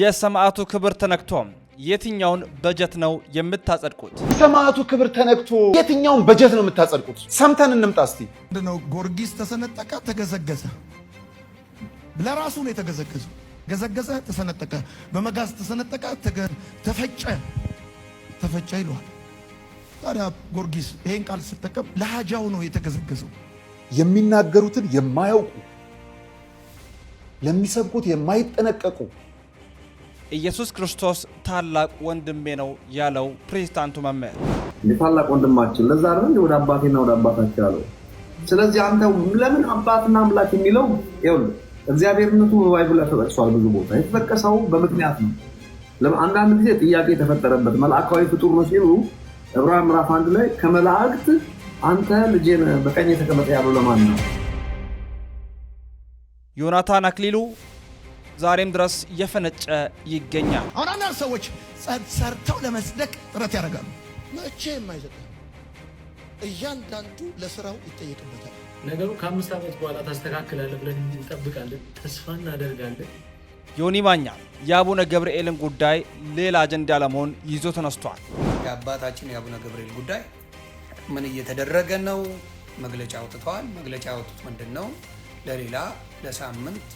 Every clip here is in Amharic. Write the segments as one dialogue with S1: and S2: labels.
S1: የሰማዕቱ ክብር ተነክቶ የትኛውን በጀት ነው የምታጸድቁት?
S2: ሰማዕቱ ክብር ተነክቶ የትኛውን በጀት ነው የምታጸድቁት? ሰምተን እንምጣ እስቲ።
S3: ነው ጎርጊስ ተሰነጠቀ፣ ተገዘገዘ። ለራሱ ነው የተገዘገዘው። ገዘገዘ፣ ተሰነጠቀ፣ በመጋዝ ተሰነጠቀ፣ ተፈጨ፣ ተፈጨ ይለዋል። ታዲያ ጎርጊስ ይሄን ቃል ስጠቀም ለሃጃው ነው የተገዘገዘው።
S4: የሚናገሩትን የማያውቁ ለሚሰብኩት የማይጠነቀቁ
S1: ኢየሱስ ክርስቶስ ታላቅ ወንድሜ ነው ያለው ፕሬዚዳንቱ መምህር
S5: ታላቅ ወንድማችን ለዛ አ ወደ አባቴና ወደ አባታቸው ያለው። ስለዚህ አንተ ለምን አባትና አምላክ የሚለው እግዚአብሔርነቱ በባይብል ተጠቅሷል ብዙ ቦታ የተጠቀሰው በምክንያት ነው። አንዳንድ ጊዜ ጥያቄ የተፈጠረበት መልአካዊ ፍጡር ነው ሲሉ ዕብራውያን ምዕራፍ አንድ ላይ ከመላእክት አንተ ልጄ በቀኝ የተቀመጠ ያለው ለማን ነው?
S1: ዮናታን አክሊሉ ዛሬም ድረስ እየፈነጨ ይገኛል።
S3: አሁን አንዳንድ ሰዎች ሰርተው ለመጽደቅ ጥረት ያደርጋሉ። መቼ የማይዘቅ እያንዳንዱ ለስራው ይጠየቅበታል።
S6: ነገሩ ከአምስት ዓመት በኋላ ታስተካክላለ ብለን እንጠብቃለን፣ ተስፋ እናደርጋለን።
S1: ዮኒ ማኛ የአቡነ ገብርኤልን ጉዳይ ሌላ አጀንዳ ለመሆን ይዞ ተነስቷል።
S7: የአባታችን የአቡነ ገብርኤል ጉዳይ ምን እየተደረገ ነው? መግለጫ አውጥተዋል። መግለጫ ያወጡት ምንድን ነው? ለሌላ ለሳምንት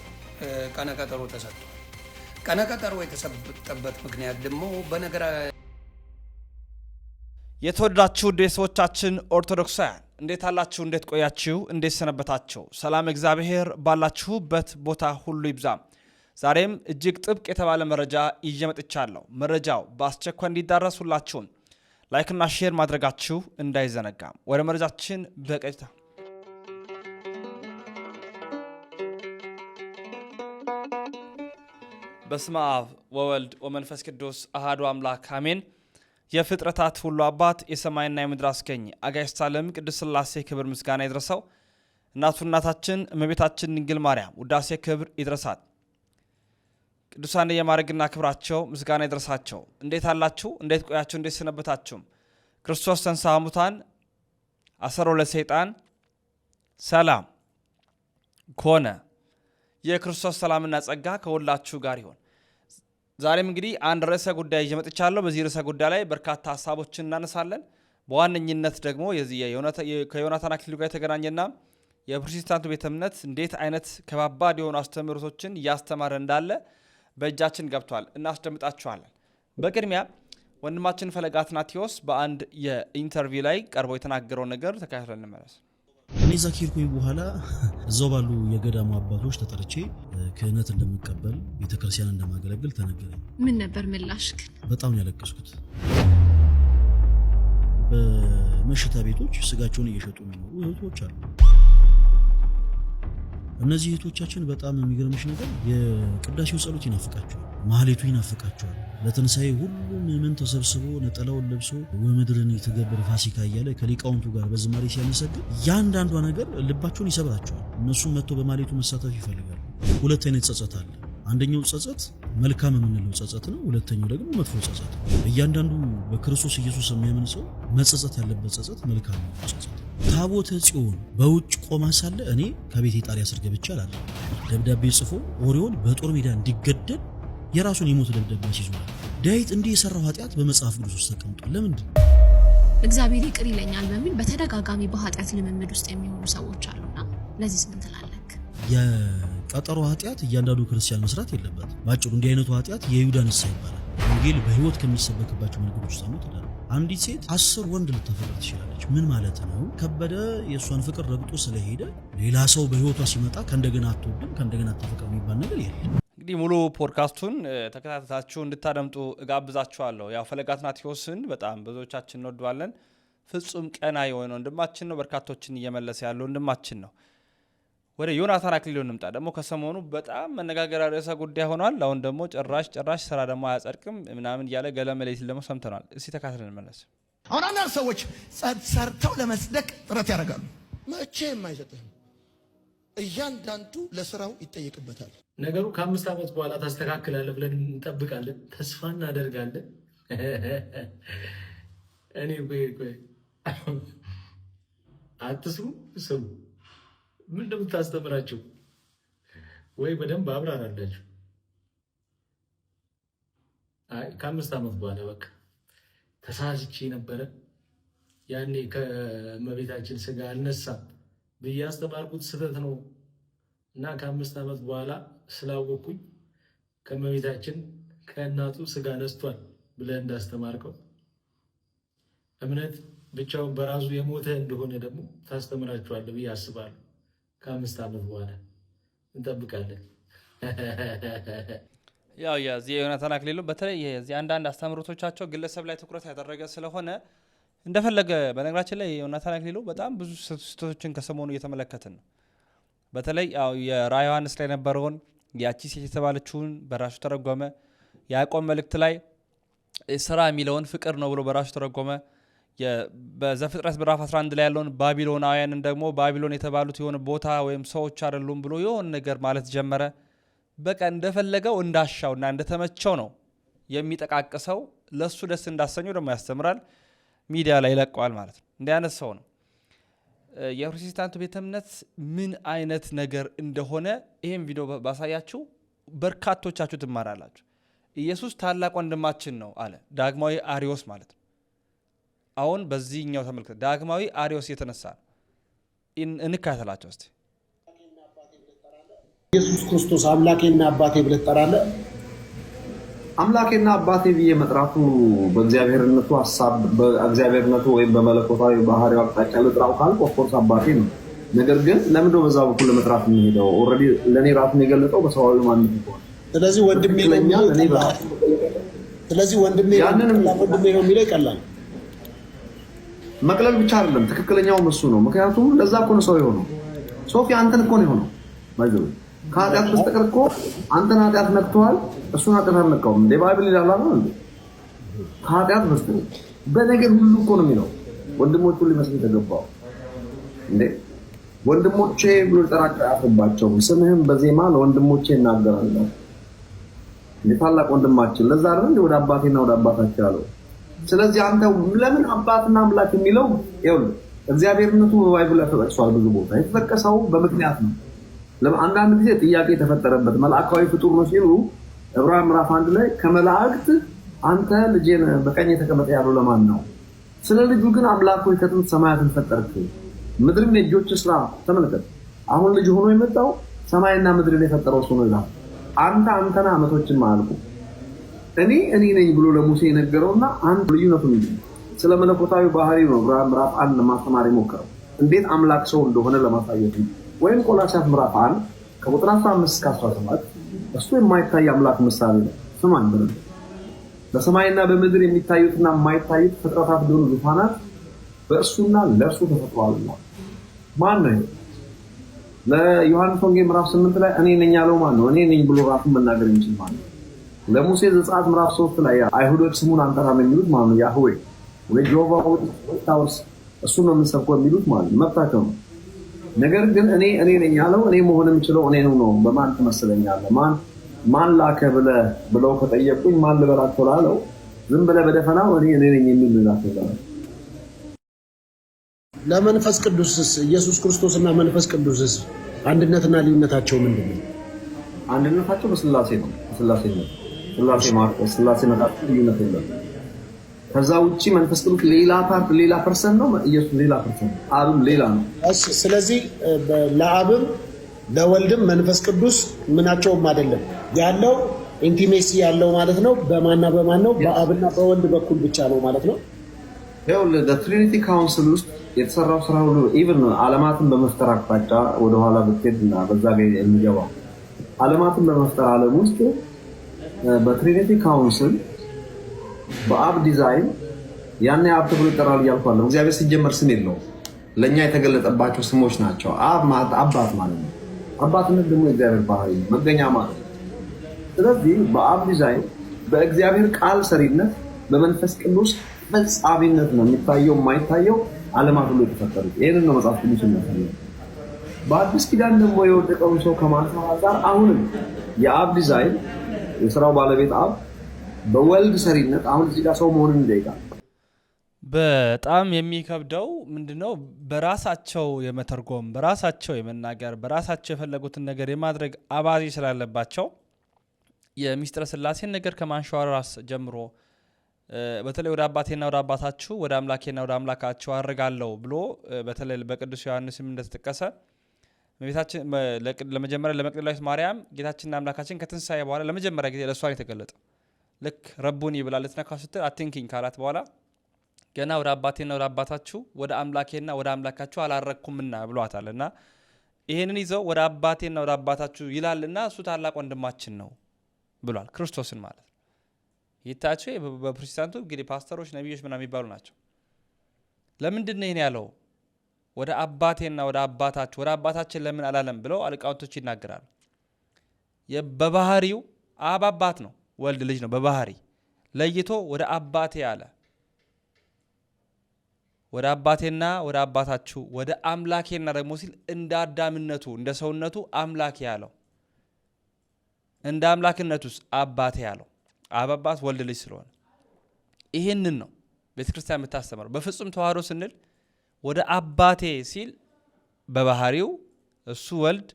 S7: ቀነቀጠሮ ተሰጥቷል። ቀነቀጠሮ የተሰጠበት ምክንያት ደግሞ በነገራ
S1: የተወደዳችሁ ቤተሰቦቻችን ኦርቶዶክሳውያን እንዴት አላችሁ? እንዴት ቆያችሁ? እንዴት ሰነበታችሁ? ሰላም እግዚአብሔር ባላችሁበት ቦታ ሁሉ ይብዛም። ዛሬም እጅግ ጥብቅ የተባለ መረጃ ይዤ መጥቻለሁ። መረጃው በአስቸኳይ እንዲዳረስ ሁላችሁን ላይክና ሼር ማድረጋችሁ እንዳይዘነጋም። ወደ መረጃችን በቀጥታ በስመ አብ ወወልድ ወመንፈስ ቅዱስ አሃዱ አምላክ አሜን። የፍጥረታት ሁሉ አባት የሰማይና የምድር አስገኝ አጋዕዝተ ዓለም ቅድስት ሥላሴ ክብር ምስጋና ይድረሰው። እናቱ እናታችን እመቤታችን ድንግል ማርያም ውዳሴ ክብር ይድረሳት። ቅዱሳን የማድረግና ክብራቸው ምስጋና ይድረሳቸው። እንዴት አላችሁ? እንዴት ቆያችሁ? እንዴት ሰነበታችሁም? ክርስቶስ ተንሥአ እሙታን አሰሮ ለሰይጣን ሰላም ኮነ። የክርስቶስ ሰላምና ጸጋ ከሁላችሁ ጋር ይሆን። ዛሬም እንግዲህ አንድ ርዕሰ ጉዳይ ይዤ መጥቻለሁ። በዚህ ርዕሰ ጉዳይ ላይ በርካታ ሀሳቦችን እናነሳለን። በዋነኝነት ደግሞ የዚህ ከዮናታን አክሊሉ ጋር የተገናኘና የፕሮቴስታንቱ ቤተ እምነት እንዴት አይነት ከባባድ የሆኑ አስተምህሮቶችን እያስተማረ እንዳለ በእጃችን ገብቷል። እናስደምጣችኋለን። በቅድሚያ ወንድማችን ፈለገ አትናቴዎስ በአንድ የኢንተርቪው ላይ ቀርቦ የተናገረው ነገር ተካትለን እንመለስ።
S8: እኔ እዛ ከሄድኩኝ በኋላ እዛው ባሉ የገዳሙ አባቶች ተጠርቼ ክህነት እንደምቀበል ቤተክርስቲያን እንደማገለግል ተነገረኝ።
S9: ምን ነበር ምላሽ? ግን
S8: በጣም ያለቀስኩት። በመሸታ ቤቶች ስጋቸውን እየሸጡ የሚኖሩ እህቶች አሉ። እነዚህ እህቶቻችን በጣም የሚገርምሽ ነገር የቅዳሴው ጸሎት ይናፍቃቸዋል፣ ማህሌቱ ይናፍቃቸዋል። ለትንሣኤ ሁሉም ምዕመን ተሰብስቦ ነጠላውን ለብሶ ወምድርን የተገበረ ፋሲካ እያለ ከሊቃውንቱ ጋር በዝማሬ ሲያመሰግን ያንዳንዷ ነገር ልባቸውን ይሰብራቸዋል። እነሱም መጥቶ በማህሌቱ መሳተፍ ይፈልጋል። ሁለት አይነት ጸጸት አለ። አንደኛው ጸጸት መልካም የምንለው ጸጸት ነው። ሁለተኛው ደግሞ መጥፎ ጸጸት ነው። እያንዳንዱ በክርስቶስ ኢየሱስ የሚያምን ሰው መጸጸት ያለበት ጸጸት መልካም ነው ጸጸት። ታቦተ ጽዮን በውጭ ቆማ ሳለ እኔ ከቤቴ ጣሪያ ስር ገብቼ አላለ። ደብዳቤ ጽፎ ኦሪዮን በጦር ሜዳ እንዲገደል የራሱን የሞት ደብዳቤ አስይዟል። ዳዊት እንዲህ የሰራው ኃጢአት በመጽሐፍ ቅዱስ ውስጥ ተቀምጧል። ለምንድን
S9: እግዚአብሔር ይቅር ይለኛል በሚል በተደጋጋሚ በኃጢአት ልምምድ ውስጥ የሚሆኑ ሰዎች አሉና ለዚህ ስምን ትላለክ?
S8: ቀጠሮ ኃጢአት እያንዳንዱ ክርስቲያን መስራት የለበት። ባጭሩ እንዲህ አይነቱ ኃጢአት የይሁዳ ንስሐ ይባላል። ወንጌል በህይወት ከሚሰበክባቸው መንገዶች ውስጥ አንዱ ትዳር አንዲት ሴት አስር ወንድ ልታፈቅር ትችላለች። ምን ማለት ነው? ከበደ የእሷን ፍቅር ረግጦ ስለሄደ ሌላ ሰው በህይወቷ ሲመጣ ከእንደገና አትወድም ከእንደገና አትፈቅር የሚባል ነገር የለም።
S1: እንግዲህ ሙሉ ፖድካስቱን ተከታተታችሁ እንድታደምጡ እጋብዛችኋለሁ። ያው ፈለገ አትናቴዎስን በጣም ብዙዎቻችን እንወደዋለን። ፍጹም ቀና የሆነ ወንድማችን ነው። በርካቶችን እየመለሰ ያለው ወንድማችን ነው። ወደ ዮናታን አክሊሉ እንምጣ። ደግሞ ከሰሞኑ በጣም መነጋገሪያ ርዕሰ ጉዳይ ሆኗል። አሁን ደግሞ ጭራሽ ጭራሽ ስራ ደግሞ አያጸድቅም ምናምን እያለ ገለመሌ ሲል ደግሞ ሰምተናል። እስቲ ተካትለን እንመለስ።
S3: አሁን አንዳንድ ሰዎች ሰርተው ለመጽደቅ ጥረት ያደርጋሉ። መቼ አይሰጥህም። እያንዳንዱ ለስራው ይጠየቅበታል።
S6: ነገሩ ከአምስት ዓመት በኋላ ታስተካክላለህ ብለን እንጠብቃለን፣ ተስፋ እናደርጋለን። እኔ አትስሙ ስሙ ምን እንደምታስተምራችሁ ወይ በደንብ አብራራላችሁ። አይ ከአምስት ዓመት በኋላ በቃ ተሳስቼ ነበረ ያኔ ከእመቤታችን ስጋ አልነሳም ብዬ አስተማርኩት ስህተት ነው እና ከአምስት ዓመት በኋላ ስላወቅኩኝ ከእመቤታችን ከእናቱ ስጋ ነስቷል ብለህ እንዳስተማርከው እምነት ብቻውን በራሱ የሞተ እንደሆነ ደግሞ ታስተምራችኋለህ ብዬ አስባለሁ። ከአምስት ዓመት በኋላ እንጠብቃለን።
S1: ያው የዚህ የዮናታን አክሊሉ በተለይ የዚህ አንዳንድ አስተምህሮቶቻቸው ግለሰብ ላይ ትኩረት ያደረገ ስለሆነ እንደፈለገ በነገራችን ላይ ዮናታን አክሊሉ በጣም ብዙ ስህተቶችን ከሰሞኑ እየተመለከትን ነው። በተለይ ያው የራ ዮሐንስ ላይ የነበረውን ያቺ ሴት የተባለችውን በራሱ ተረጎመ። ያዕቆብ መልእክት ላይ ስራ የሚለውን ፍቅር ነው ብሎ በራሱ ተረጎመ። በዘፍጥረት ምዕራፍ 11 ላይ ያለውን ባቢሎናውያንን ደግሞ ባቢሎን የተባሉት የሆነ ቦታ ወይም ሰዎች አይደሉም ብሎ የሆነ ነገር ማለት ጀመረ። በቃ እንደፈለገው እንዳሻውና እንደተመቸው ነው የሚጠቃቅሰው። ለእሱ ደስ እንዳሰኘው ደግሞ ያስተምራል፣ ሚዲያ ላይ ይለቀዋል ማለት ነው። እንዲህ አይነት ሰው ነው። የፕሮቴስታንቱ ቤተ እምነት ምን አይነት ነገር እንደሆነ ይህም ቪዲዮ ባሳያችሁ በርካቶቻችሁ ትማራላችሁ። ኢየሱስ ታላቅ ወንድማችን ነው አለ ዳግማዊ አሪዮስ ማለት ነው። አሁን በዚህኛው ተመልክተ ዳግማዊ አሪዮስ የተነሳ ነው። እንካተላቸው ስ
S5: ኢየሱስ ክርስቶስ አምላኬና አባቴ ብለህ ትጠራለህ። አምላኬና አባቴ ብዬ መጥራቱ በእግዚአብሔርነቱ ሀሳብ በእግዚአብሔርነቱ ወይም በመለኮታዊ ባህሪው አቅጣጫ ልጥራው ካልኩ ኦፍኮርስ አባቴ ነው። ነገር ግን ለምንድ በዛ በኩል ለመጥራት የሚሄደው ኦልሬዲ ለእኔ ራሱን የገለጠው በሰዋዊ ማንነት ይሆናል።
S3: ስለዚህ ወንድሜ ነው የሚለው ይቀላል።
S5: መቅለል ብቻ አይደለም፣ ትክክለኛው እሱ ነው። ምክንያቱም ለዛ እኮ ነው ሰው የሆነው። ሶፊ አንተን እኮ ነው የሆነው። ባይዘው ከኃጢአት በስተቀር እኮ አንተን ኃጢአት ነክተዋል፣ እሱን ኃጢአት አልነካውም። እንደ ባይብል ይላል አለ እንዴ ከኃጢአት በስተቀር በነገር ሁሉ እኮ ነው የሚለው። ወንድሞቹ ሊመስል ተገባው እንዴ ወንድሞቼ ብሎ ጠራቅ አያፍርባቸውም። ስምህም በዜማ ለወንድሞቼ እናገራለሁ። ታላቅ ወንድማችን ለዛ አይደል ወደ አባቴና ወደ አባታቸው ያለው ስለዚህ አንተ ለምን አባትና አምላክ የሚለው ይኸውልህ እግዚአብሔርነቱ በባይብል ላይ ተጠቅሷል። ብዙ ቦታ የተጠቀሰው በምክንያት ነው። አንዳንድ ጊዜ ጥያቄ የተፈጠረበት መልአካዊ ፍጡር ነው ሲሉ ዕብራውያን ምዕራፍ አንድ ላይ ከመላእክት አንተ ልጄ በቀኝ የተቀመጠ ያለው ለማን ነው? ስለ ልጁ ግን አምላክ ሆይ ከጥንት ሰማያትን ፈጠርክ፣ ምድርም የእጆች ስራ ተመልከት። አሁን ልጅ ሆኖ የመጣው ሰማይና ምድርን የፈጠረው እሱ ነው ይላል። አንተ አንተና አመቶችን ማልቁ እኔ እኔ ነኝ ብሎ ለሙሴ የነገረውና አንድ ልዩነቱ ስለ መለኮታዊ ባህሪ ነው ዕብራውያን ምዕራፍ አንድ ለማስተማር የሞከረው እንዴት አምላክ ሰው እንደሆነ ለማሳየት ነው። ወይም ቆላሲያስ ምዕራፍ አንድ ከቁጥር 15 እስከ 17 እሱ የማይታይ አምላክ ምሳሌ ነው። ስማን ብለ በሰማይና በምድር የሚታዩትና የማይታዩት ፍጥረታት ቢሆኑ ዙፋናት በእሱና ለእሱ ተፈጥሯል። ማን ነው? ለዮሐንስ ወንጌ ምዕራፍ 8 ላይ እኔ ነኝ ያለው ማን ነው? እኔ ነኝ ብሎ ራሱን መናገር የሚችል ማን ነው? ለሙሴ ዘጸአት ምዕራፍ ሶስት ላይ አይሁዶች ስሙን አንጠራም የሚሉት ማለት ነው። ያህዌ ወይ ጆቫ ታውስ እሱ ነው የምንሰብከው የሚሉት ማለት መብታቸው ነው። ነገር ግን እኔ እኔ ነኝ ያለው እኔ መሆን የምችለው እኔ ነው ነው በማን ትመስለኛለህ? ማን ማን ላከ ብለ ብለው ከጠየቁኝ ማን ልበላቸው ላለው ዝም ብለ በደፈናው እኔ እኔ ነኝ የሚል ልላቸው
S3: ለመንፈስ ቅዱስስ ኢየሱስ ክርስቶስ እና መንፈስ ቅዱስስ አንድነትና ልዩነታቸው ምንድን ነው?
S5: አንድነታቸው በስላሴ ነው። በስላሴ ነው ስላሴ ስላሴ መጣጥ ልዩነት የለም። ከዛ ውጪ መንፈስ ቅዱስ ሌላ ፓርት ሌላ ፐርሰን ነው። ኢየሱስ ሌላ ፐርሰን ነው። አብም ሌላ ነው።
S3: እሺ፣ ስለዚህ ለአብም ለወልድም መንፈስ ቅዱስ ምናቸውም አይደለም ያለው ኢንቲሜሲ ያለው ማለት ነው። በማና በማን ነው? በአብና በወልድ በኩል ብቻ ነው ማለት ነው።
S5: ትሪኒቲ ካውንስል ውስጥ የተሰራው ስራ ሁሉ ኢቨን አለማትን በመፍጠር አቅጣጫ ወደኋላ ብትሄድ እና በዛ የሚገባ አለማትን በመፍጠር አለም ውስጥ በትሪኒቲ ካውንስል በአብ ዲዛይን ያን አብ ተብሎ ይጠራል እያልኳለሁ። እግዚአብሔር ሲጀመር ስም የለውም። ለእኛ የተገለጠባቸው ስሞች ናቸው። አብ ማለት አባት ማለት ነው። አባትነት ደግሞ የእግዚአብሔር ባህሪ መገኛ ማለት ነው። ስለዚህ በአብ ዲዛይን በእግዚአብሔር ቃል ሰሪነት በመንፈስ ቅዱስ ፈጻሚነት ነው የሚታየው። የማይታየው አለማት ብሎ የተፈጠሩት ይህንን ነው መጽሐፍ ቅዱስ የሚያሳየ። በአዲስ ኪዳን ደግሞ የወደቀውን ሰው ከማንሳት አንጻር አሁንም የአብ ዲዛይን የስራው ባለቤት አብ በወልድ ሰሪነት አሁን እዚህ ጋር ሰው መሆንን ይጠይቃል።
S1: በጣም የሚከብደው ምንድነው? በራሳቸው የመተርጎም በራሳቸው የመናገር በራሳቸው የፈለጉትን ነገር የማድረግ አባዜ ስላለባቸው የሚስጥረ ስላሴን ነገር ከማንሸራራስ ጀምሮ በተለይ ወደ አባቴና ወደ አባታችሁ ወደ አምላኬና ወደ አምላካችሁ አድርጋለሁ ብሎ በተለይ በቅዱስ ዮሐንስም እንደተጠቀሰ ቤታችን ለመጀመሪያ ለመቅደላዊት ማርያም ጌታችንና አምላካችን ከትንሳኤ በኋላ ለመጀመሪያ ጊዜ ለእሷን የተገለጠ ልክ ረቡን ይብላ ልትነካ ስትል አቲንኪኝ ካላት በኋላ ገና ወደ አባቴና ወደ አባታችሁ ወደ አምላኬና ወደ አምላካችሁ አላረግኩምና ብሏታል እና ይህንን ይዘው ወደ አባቴና ወደ አባታችሁ ይላልና እሱ ታላቅ ወንድማችን ነው ብሏል። ክርስቶስን ማለት ነው። ይታቸው በፕሮቴስታንቱ እንግዲህ ፓስተሮች፣ ነቢዮች ምናምን የሚባሉ ናቸው። ለምንድን ነው ይህን ያለው? ወደ አባቴና ወደ አባታችሁ ወደ አባታችን ለምን አላለም ብለው ሊቃውንቶች ይናገራሉ። በባህሪው አብ አባት ነው፣ ወልድ ልጅ ነው። በባህሪ ለይቶ ወደ አባቴ አለ። ወደ አባቴና ወደ አባታችሁ ወደ አምላኬና ደግሞ ሲል እንደ አዳምነቱ እንደ ሰውነቱ አምላኬ አለው። እንደ አምላክነቱስ አባቴ አለው። አብ አባት፣ ወልድ ልጅ ስለሆነ ይህንን ነው ቤተክርስቲያን የምታስተምረው በፍጹም ተዋህዶ ስንል ወደ አባቴ ሲል በባህሪው እሱ ወልድ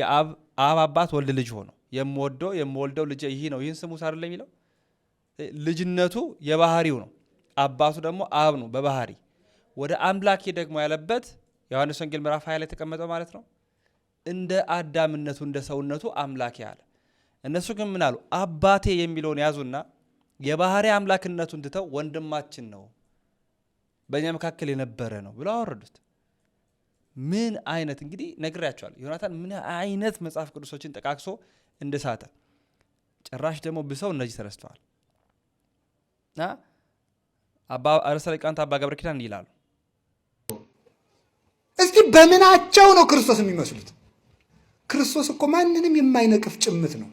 S1: የአብ አባት ወልድ ልጅ ሆኖ የምወደው የምወልደው ልጅ ይህ ነው ይህን ስሙ ሳር የሚለው ልጅነቱ የባህሪው ነው። አባቱ ደግሞ አብ ነው በባህሪ ወደ አምላኬ ደግሞ ያለበት ዮሐንስ ወንጌል ምዕራፍ ሀያ ላይ የተቀመጠው ማለት ነው። እንደ አዳምነቱ እንደ ሰውነቱ አምላኬ አለ። እነሱ ግን ምን አሉ? አባቴ የሚለውን ያዙና የባህሪ አምላክነቱን ትተው ወንድማችን ነው በእኛ መካከል የነበረ ነው ብለው አወረዱት። ምን አይነት እንግዲህ ያቸዋል ዮናታን ምን አይነት መጽሐፍ ቅዱሶችን ጠቃቅሶ እንደሳተ ጭራሽ ደግሞ ብሰው እነዚህ ተረስተዋል። ርዕሰ ሊቃውንት አባ ገብረ ኪዳን ይላሉ፣
S3: እስኪ በምናቸው ነው ክርስቶስ የሚመስሉት? ክርስቶስ እኮ ማንንም የማይነቅፍ ጭምት ነው።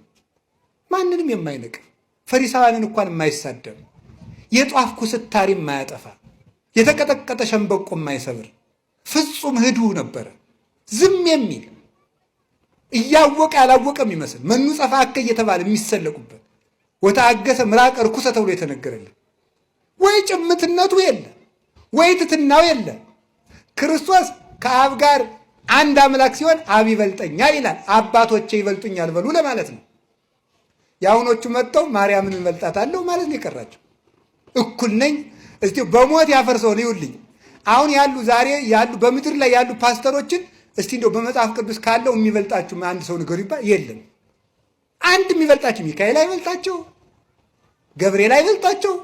S3: ማንንም የማይነቅፍ ፈሪሳውያንን እንኳን የማይሳደብ የጧፍ ኩስታሪ የማያጠፋ የተቀጠቀጠ ሸንበቆ የማይሰብር ፍጹም ህዱ ነበረ። ዝም የሚል እያወቀ ያላወቀ የሚመስል መኑ አከ እየተባለ የሚሰለቁበት ወታገሰ ምራቅ ርኩሰ ተብሎ የተነገረለ ወይ ጭምትነቱ የለ ወይ ትትናው የለ። ክርስቶስ ከአብ ጋር አንድ አምላክ ሲሆን አብ ይበልጠኛል ይላል። አባቶቼ ይበልጡኛል በሉ ለማለት ነው። የአሁኖቹ መጥተው ማርያምን እንበልጣታለሁ ማለት ነው የቀራቸው። እኩል ነኝ እስቲ በሞት ነው ይውልኝ። አሁን ያሉ ዛሬ ያሉ በምድር ላይ ያሉ ፓስተሮችን እስቲ እንደው በመጽሐፍ ቅዱስ ካለው የሚበልጣችሁ አንድ ሰው ንገሩ ይባል የለም። አንድ የሚበልጣችሁ ሚካኤል አይበልጣቸው፣ ገብርኤል አይበልጣቸው፣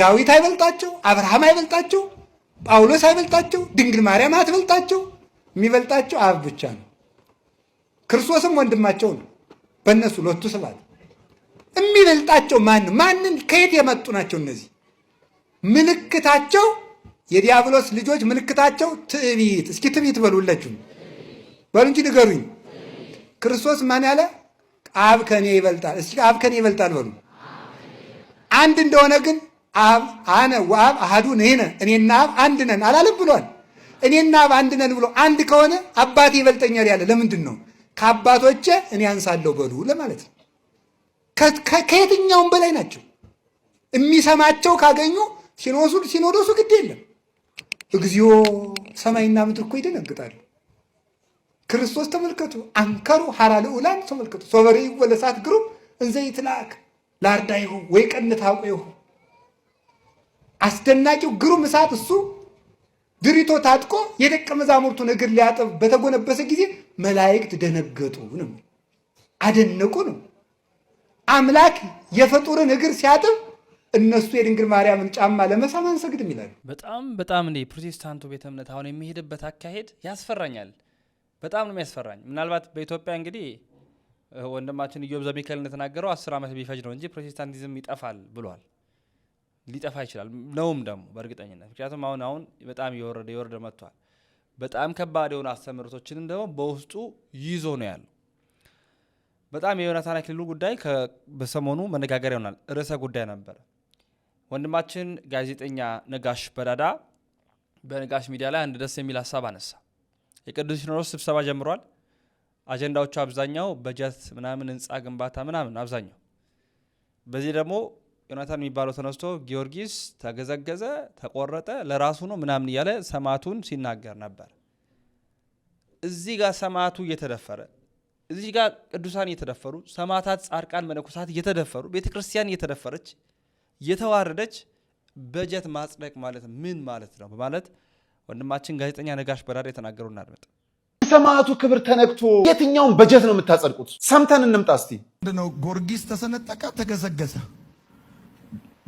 S3: ዳዊት አይበልጣቸው፣ አብርሃም አይበልጣቸው፣ ጳውሎስ አይበልጣቸው፣ ድንግል ማርያም አትበልጣቸው። የሚበልጣቸው አብ ብቻ ነው። ክርስቶስም ወንድማቸው ነው። በእነሱ ሎቱ ስባት የሚበልጣቸው ማን ማንን ከየት የመጡ ናቸው እነዚህ? ምልክታቸው የዲያብሎስ ልጆች ምልክታቸው ትዕቢት። እስኪ ትዕቢት በሉ ሁላችሁም በሉ እንጂ ንገሩኝ። ክርስቶስ ማን ያለ አብ ከኔ ይበልጣል። እስኪ አብ ከኔ ይበልጣል በሉ። አንድ እንደሆነ ግን አብ አነ ወአብ አህዱ ንሕነ፣ እኔና አብ አንድ ነን አላለም ብሏል። እኔና አብ አንድ ነን ብሎ አንድ ከሆነ አባቴ ይበልጠኛል ያለ ለምንድን ነው? ከአባቶቼ እኔ አንሳለሁ በሉ ለማለት ነው። ከየትኛውም በላይ ናቸው። የሚሰማቸው ካገኙ ሲኖሱ ሲኖዶሱ ግድ የለም። እግዚኦ ሰማይና ምድር እኮ ይደነግጣሉ። ክርስቶስ ተመልከቱ፣ አንከሩ ሐራ ልዑላን ተመልከቱ፣ ሶበሪ ወለሳት ግሩም እንዘይት ላርዳ ይሁ ወይ ቀንት ይሁ አስደናቂው ግሩም እሳት እሱ ድሪቶ ታጥቆ የደቀ መዛሙርቱን እግር ሊያጥብ በተጎነበሰ ጊዜ መላእክት ደነገጡ ነው፣ አደነቁ ነው። አምላክ የፍጡርን እግር ሲያጥብ እነሱ የድንግል ማርያምን ጫማ ለመሳም አንሰግድም ይላሉ።
S1: በጣም በጣም እንደ ፕሮቴስታንቱ ቤተ እምነት አሁን የሚሄድበት አካሄድ ያስፈራኛል። በጣም ነው የሚያስፈራኝ። ምናልባት በኢትዮጵያ እንግዲህ ወንድማችን ኢዮብ ዘሚካኤል እንደተናገረው አስር ዓመት ቢፈጅ ነው እንጂ ፕሮቴስታንቲዝም ይጠፋል ብሏል። ሊጠፋ ይችላል ነውም ደግሞ በእርግጠኝነት ምክንያቱም አሁን አሁን በጣም የወረደ የወረደ መጥቷል። በጣም ከባድ የሆኑ አስተምህሮቶችንም ደግሞ በውስጡ ይዞ ነው ያለው። በጣም የዮናታን አክሊሉ ጉዳይ በሰሞኑ መነጋገር ይሆናል ርዕሰ ጉዳይ ነበረ። ወንድማችን ጋዜጠኛ ነጋሽ በዳዳ በነጋሽ ሚዲያ ላይ አንድ ደስ የሚል ሀሳብ አነሳ። የቅዱስ ሲኖዶስ ስብሰባ ጀምሯል። አጀንዳዎቹ አብዛኛው በጀት ምናምን፣ ህንፃ ግንባታ ምናምን አብዛኛው። በዚህ ደግሞ ዮናታን የሚባለው ተነስቶ ጊዮርጊስ ተገዘገዘ፣ ተቆረጠ፣ ለራሱ ነው ምናምን እያለ ሰማዕቱን ሲናገር ነበር። እዚህ ጋር ሰማዕቱ እየተደፈረ እዚህ ጋር ቅዱሳን እየተደፈሩ ሰማዕታት፣ ጻድቃን፣ መነኮሳት እየተደፈሩ ቤተ ክርስቲያን እየተደፈረች የተዋረደች በጀት ማጽደቅ ማለት ምን ማለት ነው? በማለት ወንድማችን ጋዜጠኛ ነጋሽ በራር የተናገሩ እናድመጥ።
S2: ሰማዕቱ ክብር ተነክቶ የትኛውን በጀት ነው የምታጸድቁት? ሰምተን እንምጣ እስቲ።
S3: ነው ጎርጊስ ተሰነጠቀ፣ ተገዘገዘ።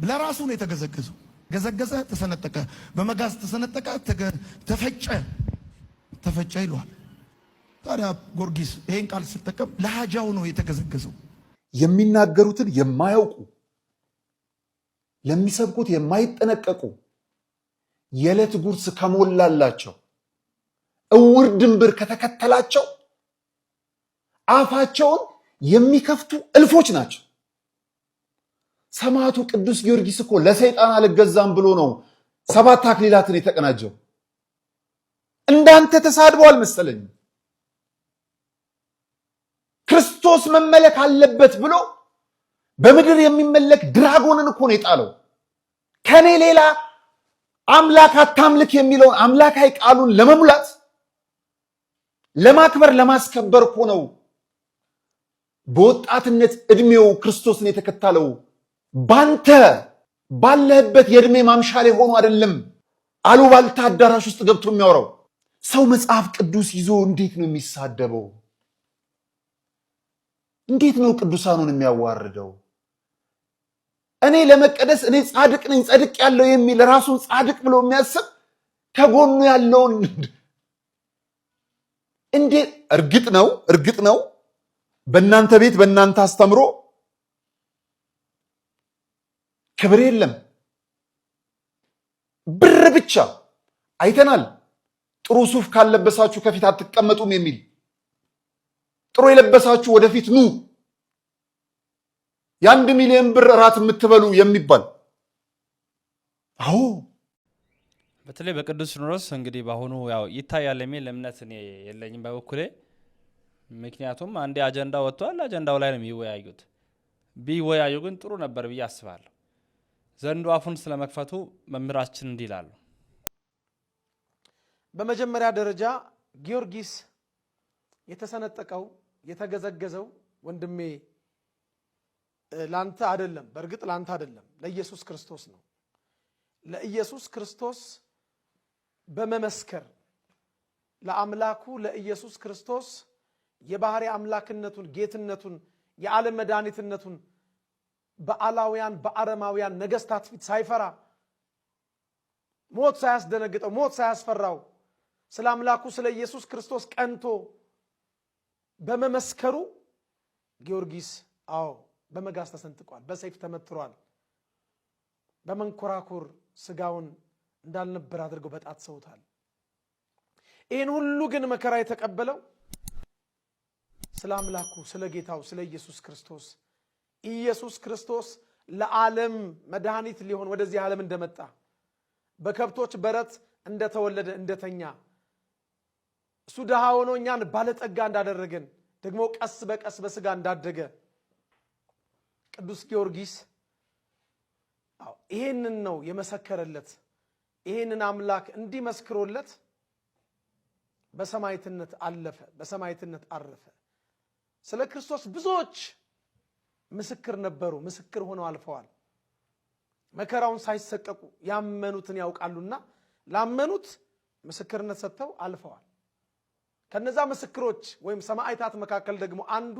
S3: ለራሱ ነው የተገዘገዘው። ገዘገዘ፣ ተሰነጠቀ፣ በመጋዝ ተሰነጠቀ፣ ተፈጨ፣ ተፈጨ ይለዋል። ታዲያ ጎርጊስ ይሄን ቃል ስጠቀም ለሃጃው ነው የተገዘገዘው።
S4: የሚናገሩትን የማያውቁ ለሚሰብኩት የማይጠነቀቁ የዕለት ጉርስ ከሞላላቸው እውር ድንብር ከተከተላቸው አፋቸውን የሚከፍቱ እልፎች ናቸው። ሰማዕቱ ቅዱስ ጊዮርጊስ እኮ ለሰይጣን አልገዛም ብሎ ነው ሰባት አክሊላትን የተቀናጀው። እንዳንተ ተሳድቦ አልመሰለኝም። ክርስቶስ መመለክ አለበት ብሎ በምድር የሚመለክ ድራጎንን እኮ ነው የጣለው። ከኔ ሌላ አምላክ አታምልክ የሚለውን አምላካዊ ቃሉን ለመሙላት ለማክበር ለማስከበር እኮ ነው በወጣትነት እድሜው ክርስቶስን የተከተለው። ባንተ ባለህበት የእድሜ ማምሻ ላይ ሆኖ አይደለም አሉባልታ አዳራሽ ውስጥ ገብቶ የሚያወራው ሰው መጽሐፍ ቅዱስ ይዞ እንዴት ነው የሚሳደበው? እንዴት ነው ቅዱሳኑን የሚያዋርደው? እኔ ለመቀደስ እኔ ጻድቅ ነኝ ጸድቅ ያለው የሚል ራሱን ጻድቅ ብሎ የሚያስብ ከጎኑ ያለውን እንዴት እርግጥ ነው እርግጥ ነው በእናንተ ቤት በእናንተ አስተምሮ ክብር የለም። ብር ብቻ አይተናል። ጥሩ ሱፍ ካለበሳችሁ ከፊት አትቀመጡም የሚል ጥሩ የለበሳችሁ ወደፊት ኑ፣ የአንድ ሚሊዮን ብር እራት የምትበሉ የሚባል አዎ።
S1: በተለይ በቅዱስ ሲኖዶስ እንግዲህ በአሁኑ ያው ይታያል የሚል እምነት እኔ የለኝም በበኩሌ። ምክንያቱም አንድ አጀንዳ ወጥቷል፣ አጀንዳው ላይ ነው የሚወያዩት። ቢወያዩ ግን ጥሩ ነበር ብዬ አስባለሁ። ዘንዶ አፉን ስለመክፈቱ መምህራችን እንዲህ ይላሉ።
S4: በመጀመሪያ ደረጃ ጊዮርጊስ የተሰነጠቀው የተገዘገዘው ወንድሜ ላንተ አይደለም፣ በእርግጥ ላንተ አይደለም፣ ለኢየሱስ ክርስቶስ ነው። ለኢየሱስ ክርስቶስ በመመስከር ለአምላኩ ለኢየሱስ ክርስቶስ የባህሪ አምላክነቱን፣ ጌትነቱን፣ የዓለም መድኃኒትነቱን በአላውያን በአረማውያን ነገስታት ፊት ሳይፈራ ሞት ሳያስደነግጠው ሞት ሳያስፈራው ስለ አምላኩ ስለ ኢየሱስ ክርስቶስ ቀንቶ በመመስከሩ ጊዮርጊስ አዎ በመጋዝ ተሰንጥቋል፣ በሰይፍ ተመትሯል። በመንኮራኩር ስጋውን እንዳልነበር አድርገው በጣት ሰውታል። ይህን ሁሉ ግን መከራ የተቀበለው ስለ አምላኩ ስለ ጌታው ስለ ኢየሱስ ክርስቶስ ኢየሱስ ክርስቶስ ለዓለም መድኃኒት ሊሆን ወደዚህ ዓለም እንደመጣ በከብቶች በረት እንደተወለደ እንደተኛ እሱ ድሃ ሆኖ እኛን ባለጠጋ እንዳደረገን ደግሞ ቀስ በቀስ በስጋ እንዳደገ ቅዱስ ጊዮርጊስ ይሄንን ነው የመሰከረለት። ይሄንን አምላክ እንዲመስክሮለት በሰማይትነት አለፈ፣ በሰማይትነት አረፈ። ስለ ክርስቶስ ብዙዎች ምስክር ነበሩ፣ ምስክር ሆነው አልፈዋል። መከራውን ሳይሰቀቁ ያመኑትን ያውቃሉና ላመኑት ምስክርነት ሰጥተው አልፈዋል። ከነዛ ምስክሮች ወይም ሰማዕታት መካከል ደግሞ አንዱ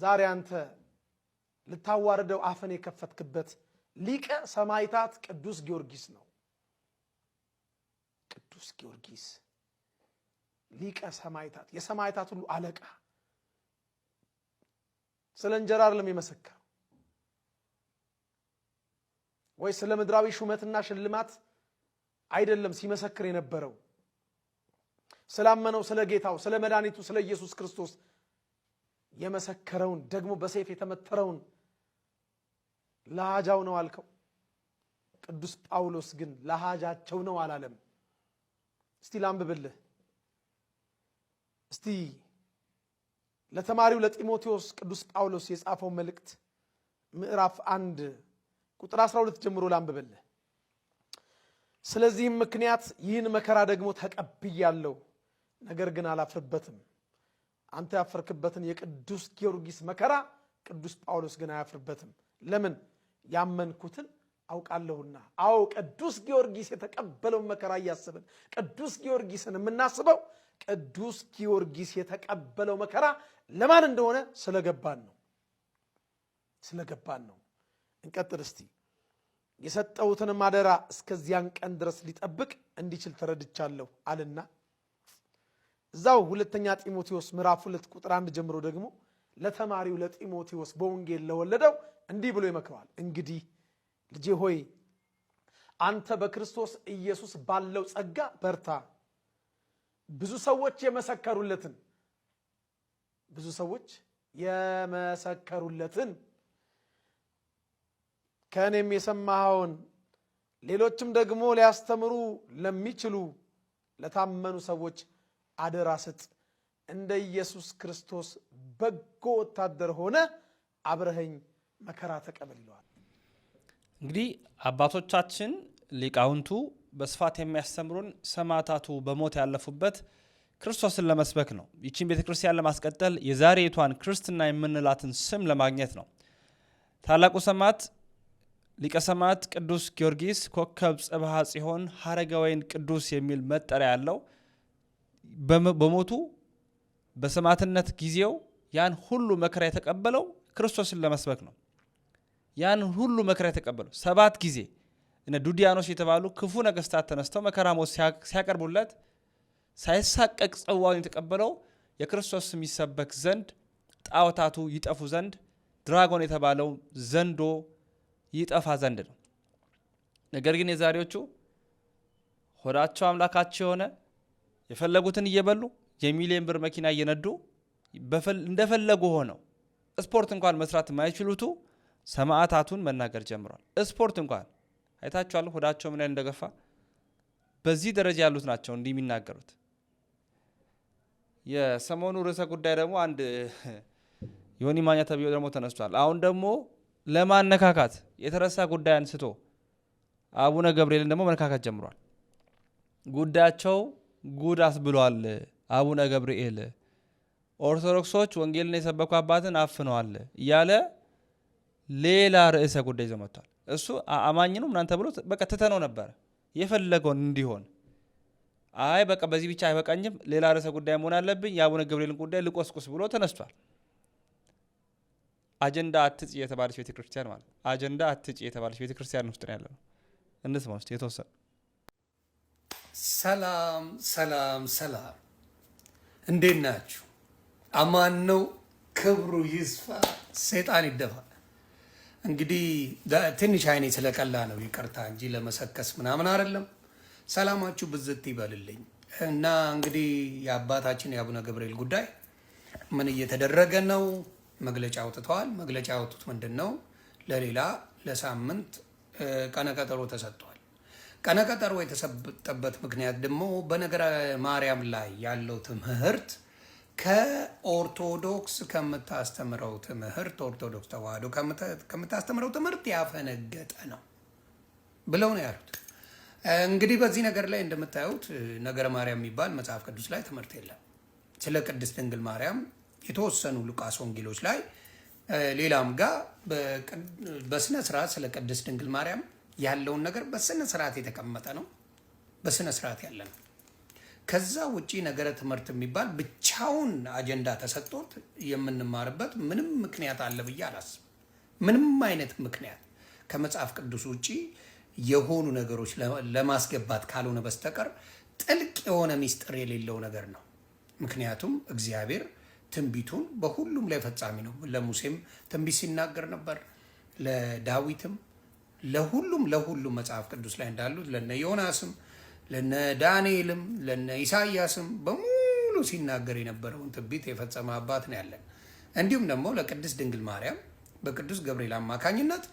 S4: ዛሬ አንተ ልታዋርደው አፍን የከፈትክበት ሊቀ ሰማዕታት ቅዱስ ጊዮርጊስ ነው። ቅዱስ ጊዮርጊስ ሊቀ ሰማዕታት፣ የሰማዕታት ሁሉ አለቃ፣ ስለ እንጀራ አይደለም የመሰከረው ወይ ስለ ምድራዊ ሹመትና ሽልማት አይደለም ሲመሰክር የነበረው ስላመነው ስለ ጌታው ስለ መድኃኒቱ ስለ ኢየሱስ ክርስቶስ የመሰከረውን ደግሞ በሰይፍ የተመተረውን ለሃጃው ነው አልከው። ቅዱስ ጳውሎስ ግን ለሃጃቸው ነው አላለም። እስቲ ላንብብልህ። እስቲ ለተማሪው ለጢሞቴዎስ ቅዱስ ጳውሎስ የጻፈው መልእክት ምዕራፍ አንድ ቁጥር 12 ጀምሮ ላንብብልህ። ስለዚህም ምክንያት ይህን መከራ ደግሞ ተቀብያለሁ ነገር ግን አላፍርበትም። አንተ ያፈርክበትን የቅዱስ ጊዮርጊስ መከራ ቅዱስ ጳውሎስ ግን አያፍርበትም። ለምን? ያመንኩትን አውቃለሁና። አዎ ቅዱስ ጊዮርጊስ የተቀበለውን መከራ እያስብን ቅዱስ ጊዮርጊስን የምናስበው ቅዱስ ጊዮርጊስ የተቀበለው መከራ ለማን እንደሆነ ስለገባን ነው ስለገባን ነው። እንቀጥል እስቲ። የሰጠሁትንም አደራ እስከዚያን ቀን ድረስ ሊጠብቅ እንዲችል ተረድቻለሁ አልና እዛው ሁለተኛ ጢሞቴዎስ ምዕራፍ ሁለት ቁጥር አንድ ጀምሮ ደግሞ ለተማሪው ለጢሞቴዎስ በወንጌል ለወለደው እንዲህ ብሎ ይመክረዋል። እንግዲህ ልጄ ሆይ አንተ በክርስቶስ ኢየሱስ ባለው ጸጋ በርታ። ብዙ ሰዎች የመሰከሩለትን ብዙ ሰዎች የመሰከሩለትን ከእኔም የሰማኸውን ሌሎችም ደግሞ ሊያስተምሩ ለሚችሉ ለታመኑ ሰዎች አደራ ስጥ፣ እንደ ኢየሱስ ክርስቶስ በጎ ወታደር ሆነ አብረኸኝ መከራ ተቀበል ይለዋል።
S1: እንግዲህ አባቶቻችን ሊቃውንቱ በስፋት የሚያስተምሩን ሰማዕታቱ በሞት ያለፉበት ክርስቶስን ለመስበክ ነው። ይችን ቤተ ክርስቲያን ለማስቀጠል የዛሬቷን ክርስትና የምንላትን ስም ለማግኘት ነው። ታላቁ ሰማዕት ሊቀ ሰማዕት ቅዱስ ጊዮርጊስ ኮከብ ጽባህ ሲሆን ሀረጋወይን ቅዱስ የሚል መጠሪያ ያለው በሞቱ በሰማዕትነት ጊዜው ያን ሁሉ መከራ የተቀበለው ክርስቶስን ለመስበክ ነው። ያን ሁሉ መከራ የተቀበለው ሰባት ጊዜ እነ ዱዲያኖስ የተባሉ ክፉ ነገስታት ተነስተው መከራ ሞት ሲያቀርቡለት ሳይሳቀቅ ጽዋውን የተቀበለው የክርስቶስ ስም ይሰበክ ዘንድ ጣዖታቱ ይጠፉ ዘንድ ድራጎን የተባለው ዘንዶ ይጠፋ ዘንድ ነው። ነገር ግን የዛሬዎቹ ሆዳቸው አምላካቸው የሆነ የፈለጉትን እየበሉ የሚሊዮን ብር መኪና እየነዱ እንደፈለጉ ሆነው ስፖርት እንኳን መስራት የማይችሉቱ ሰማዕታቱን መናገር ጀምሯል። ስፖርት እንኳን አይታችኋል፣ ሆዳቸው ምን ያህል እንደገፋ በዚህ ደረጃ ያሉት ናቸው እንዲህ የሚናገሩት። የሰሞኑ ርዕሰ ጉዳይ ደግሞ አንድ ዮኒ ማኛ ተብዬው ደግሞ ተነስቷል። አሁን ደግሞ ለማነካካት የተረሳ ጉዳይ አንስቶ አቡነ ገብርኤልን ደግሞ መነካካት ጀምሯል ጉዳያቸው ጉዳት ብሏል አቡነ ገብርኤል ኦርቶዶክሶች ወንጌልን የሰበኩ አባትን አፍነዋል እያለ ሌላ ርዕሰ ጉዳይ ይዞ መጥቷል። እሱ አማኝ ነው ምናምን ተብሎ በቃ ትተነው ነበረ የፈለገውን እንዲሆን። አይ በቃ በዚህ ብቻ አይበቃኝም፣ ሌላ ርዕሰ ጉዳይ መሆን አለብኝ፣ የአቡነ ገብርኤልን ጉዳይ ልቆስቁስ ብሎ ተነስቷል። አጀንዳ አትጭ የተባለች ቤተክርስቲያን ማለት አጀንዳ አትጭ የተባለች ቤተክርስቲያን ውስጥ ነው ያለ ነው። እንስማ ውስጥ የተወሰነ
S7: ሰላም ሰላም ሰላም፣ እንዴት ናችሁ? አማን ነው። ክብሩ ይስፋ፣ ሰይጣን ይደፋ። እንግዲህ ትንሽ አይኔ ስለቀላ ነው ይቅርታ እንጂ ለመሰከስ ምናምን አይደለም። ሰላማችሁ ብዝት ይበልልኝ እና እንግዲህ የአባታችን የአቡነ ገብርኤል ጉዳይ ምን እየተደረገ ነው? መግለጫ አውጥተዋል። መግለጫ ያወጡት ምንድን ነው? ለሌላ ለሳምንት ቀነቀጠሮ ተሰጥቷል። ቀነቀጠሮ የተሰጠበት ምክንያት ደግሞ በነገረ ማርያም ላይ ያለው ትምህርት ከኦርቶዶክስ ከምታስተምረው ትምህርት ኦርቶዶክስ ተዋህዶ ከምታስተምረው ትምህርት ያፈነገጠ ነው ብለው ነው ያሉት። እንግዲህ በዚህ ነገር ላይ እንደምታዩት ነገረ ማርያም የሚባል መጽሐፍ ቅዱስ ላይ ትምህርት የለም። ስለ ቅድስት ድንግል ማርያም የተወሰኑ ሉቃስ ወንጌሎች ላይ ሌላም ጋር በስነ ስርዓት ስለ ቅድስት ድንግል ማርያም ያለውን ነገር በስነ ስርዓት የተቀመጠ ነው፣ በስነ ስርዓት ያለ ነው። ከዛ ውጪ ነገረ ትምህርት የሚባል ብቻውን አጀንዳ ተሰጥቶት የምንማርበት ምንም ምክንያት አለ ብዬ አላስብም። ምንም አይነት ምክንያት ከመጽሐፍ ቅዱስ ውጪ የሆኑ ነገሮች ለማስገባት ካልሆነ በስተቀር ጥልቅ የሆነ ሚስጥር የሌለው ነገር ነው። ምክንያቱም እግዚአብሔር ትንቢቱን በሁሉም ላይ ፈጻሚ ነው። ለሙሴም ትንቢት ሲናገር ነበር፣ ለዳዊትም ለሁሉም ለሁሉም መጽሐፍ ቅዱስ ላይ እንዳሉት ለነ ዮናስም ለነ ዳንኤልም ለነ ኢሳያስም በሙሉ ሲናገር የነበረውን ትንቢት የፈጸመ አባት ነው ያለን። እንዲሁም ደግሞ ለቅድስት ድንግል ማርያም በቅዱስ ገብርኤል አማካኝነት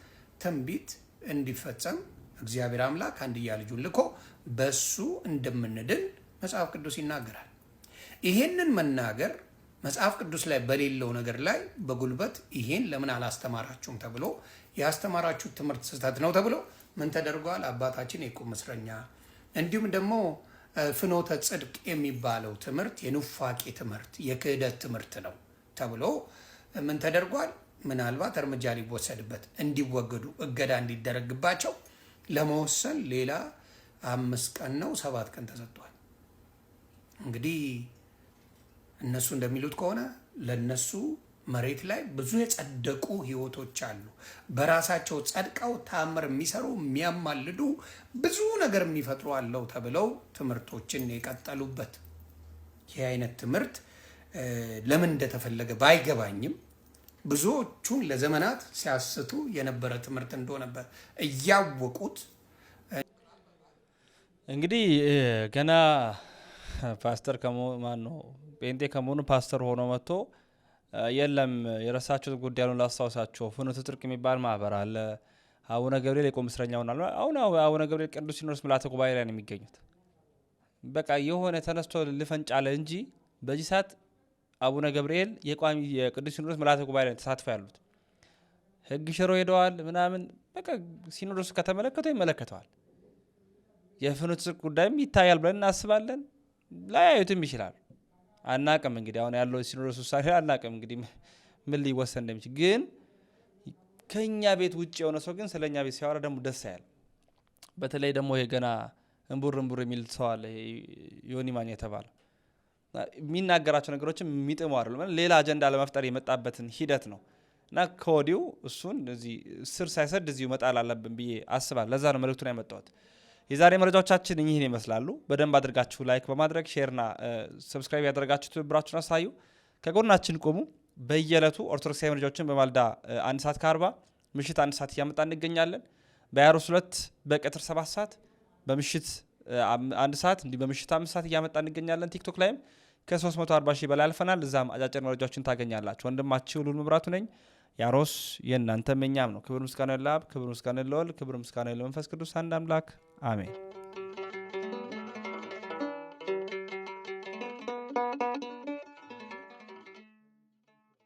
S7: ትንቢት እንዲፈጸም እግዚአብሔር አምላክ አንድያ ልጁን ልኮ በሱ እንደምንድን መጽሐፍ ቅዱስ ይናገራል። ይሄንን መናገር መጽሐፍ ቅዱስ ላይ በሌለው ነገር ላይ በጉልበት ይሄን ለምን አላስተማራችሁም ተብሎ ያስተማራችሁት ትምህርት ስህተት ነው ተብሎ ምን ተደርጓል? አባታችን የቁም እስረኛ እንዲሁም ደግሞ ፍኖተ ጽድቅ የሚባለው ትምህርት የኑፋቄ ትምህርት፣ የክህደት ትምህርት ነው ተብሎ ምን ተደርጓል? ምናልባት እርምጃ ሊወሰድበት እንዲወገዱ እገዳ እንዲደረግባቸው ለመወሰን ሌላ አምስት ቀን ነው ሰባት ቀን ተሰጥቷል እንግዲህ እነሱ እንደሚሉት ከሆነ ለነሱ መሬት ላይ ብዙ የጸደቁ ህይወቶች አሉ። በራሳቸው ጸድቀው ታምር የሚሰሩ የሚያማልዱ፣ ብዙ ነገር የሚፈጥሩ አለው ተብለው ትምህርቶችን የቀጠሉበት ይህ አይነት ትምህርት ለምን እንደተፈለገ ባይገባኝም ብዙዎቹን ለዘመናት ሲያስቱ የነበረ ትምህርት እንደሆነበት እያወቁት
S1: እንግዲህ ገና ፓስተር ከማን ነው ጴንጤ ከመሆኑ ፓስተር ሆኖ መጥቶ የለም የረሳቸው ጉዳይ ነው ላስታውሳቸው፣ ፍኖተ ጽድቅ የሚባል ማህበር አለ። አቡነ ገብርኤል የቆም እስረኛ ሆናል። አሁን አቡነ ገብርኤል ቅዱስ ሲኖዶስ ምልዓተ ጉባኤ ላይ ነው የሚገኙት። በቃ የሆነ ተነስቶ ልፈንጫለ እንጂ በዚህ ሰዓት አቡነ ገብርኤል የቋሚ የቅዱስ ሲኖዶስ ምልዓተ ጉባኤ ላይ ተሳትፎ ያሉት ህግ ሽሮ ሄደዋል ምናምን። በቃ ሲኖዶስ ከተመለከተው ይመለከተዋል። የፍኖተ ጽድቅ ጉዳይም ይታያል ብለን እናስባለን። ላያዩትም ይችላል አናቅም እንግዲህ አሁን ያለው ሲኖዶስ ውሳኔ አናቅም እንግዲህ ምን ሊወሰን እንደሚችል ግን ከእኛ ቤት ውጭ የሆነ ሰው ግን ስለ እኛ ቤት ሲያወራ ደግሞ ደስ ያል። በተለይ ደግሞ ይሄ ገና እንቡር እንቡር የሚል ሰው አለ ዮኒ ማኛ የተባለ የሚናገራቸው ነገሮችም የሚጥሙ አይደሉም። ሌላ አጀንዳ ለመፍጠር የመጣበትን ሂደት ነው እና ከወዲሁ እሱን እዚህ ስር ሳይሰድ እዚሁ መጣል አለብን ብዬ አስባል። ለዛ ነው መልእክቱን ያመጣሁት። የዛሬ መረጃዎቻችን እኚህን ይመስላሉ። በደንብ አድርጋችሁ ላይክ በማድረግ ሼርና ሰብስክራይብ ያደረጋችሁ ትብብራችሁን አሳዩ። ከጎናችን ቆሙ። በየዕለቱ ኦርቶዶክሳዊ መረጃዎችን በማልዳ አንድ ሰዓት ከአርባ ምሽት አንድ ሰዓት እያመጣ እንገኛለን። በያሮስ ሁለት በቀትር ሰባት ሰዓት በምሽት አንድ ሰዓት እንዲህ በምሽት አምስት ሰዓት እያመጣ እንገኛለን። ቲክቶክ ላይም ከ340 ሺህ በላይ አልፈናል። እዛም አጫጭር መረጃዎችን ታገኛላችሁ። ወንድማችሁ ሉል መብራቱ ነኝ። ያሮስ የእናንተም መኛም ነው። ክብር ምስጋና ለአብ፣ ክብር ምስጋና ለወልድ፣ ክብር ምስጋና ለመንፈስ ቅዱስ አንድ አምላክ Amén.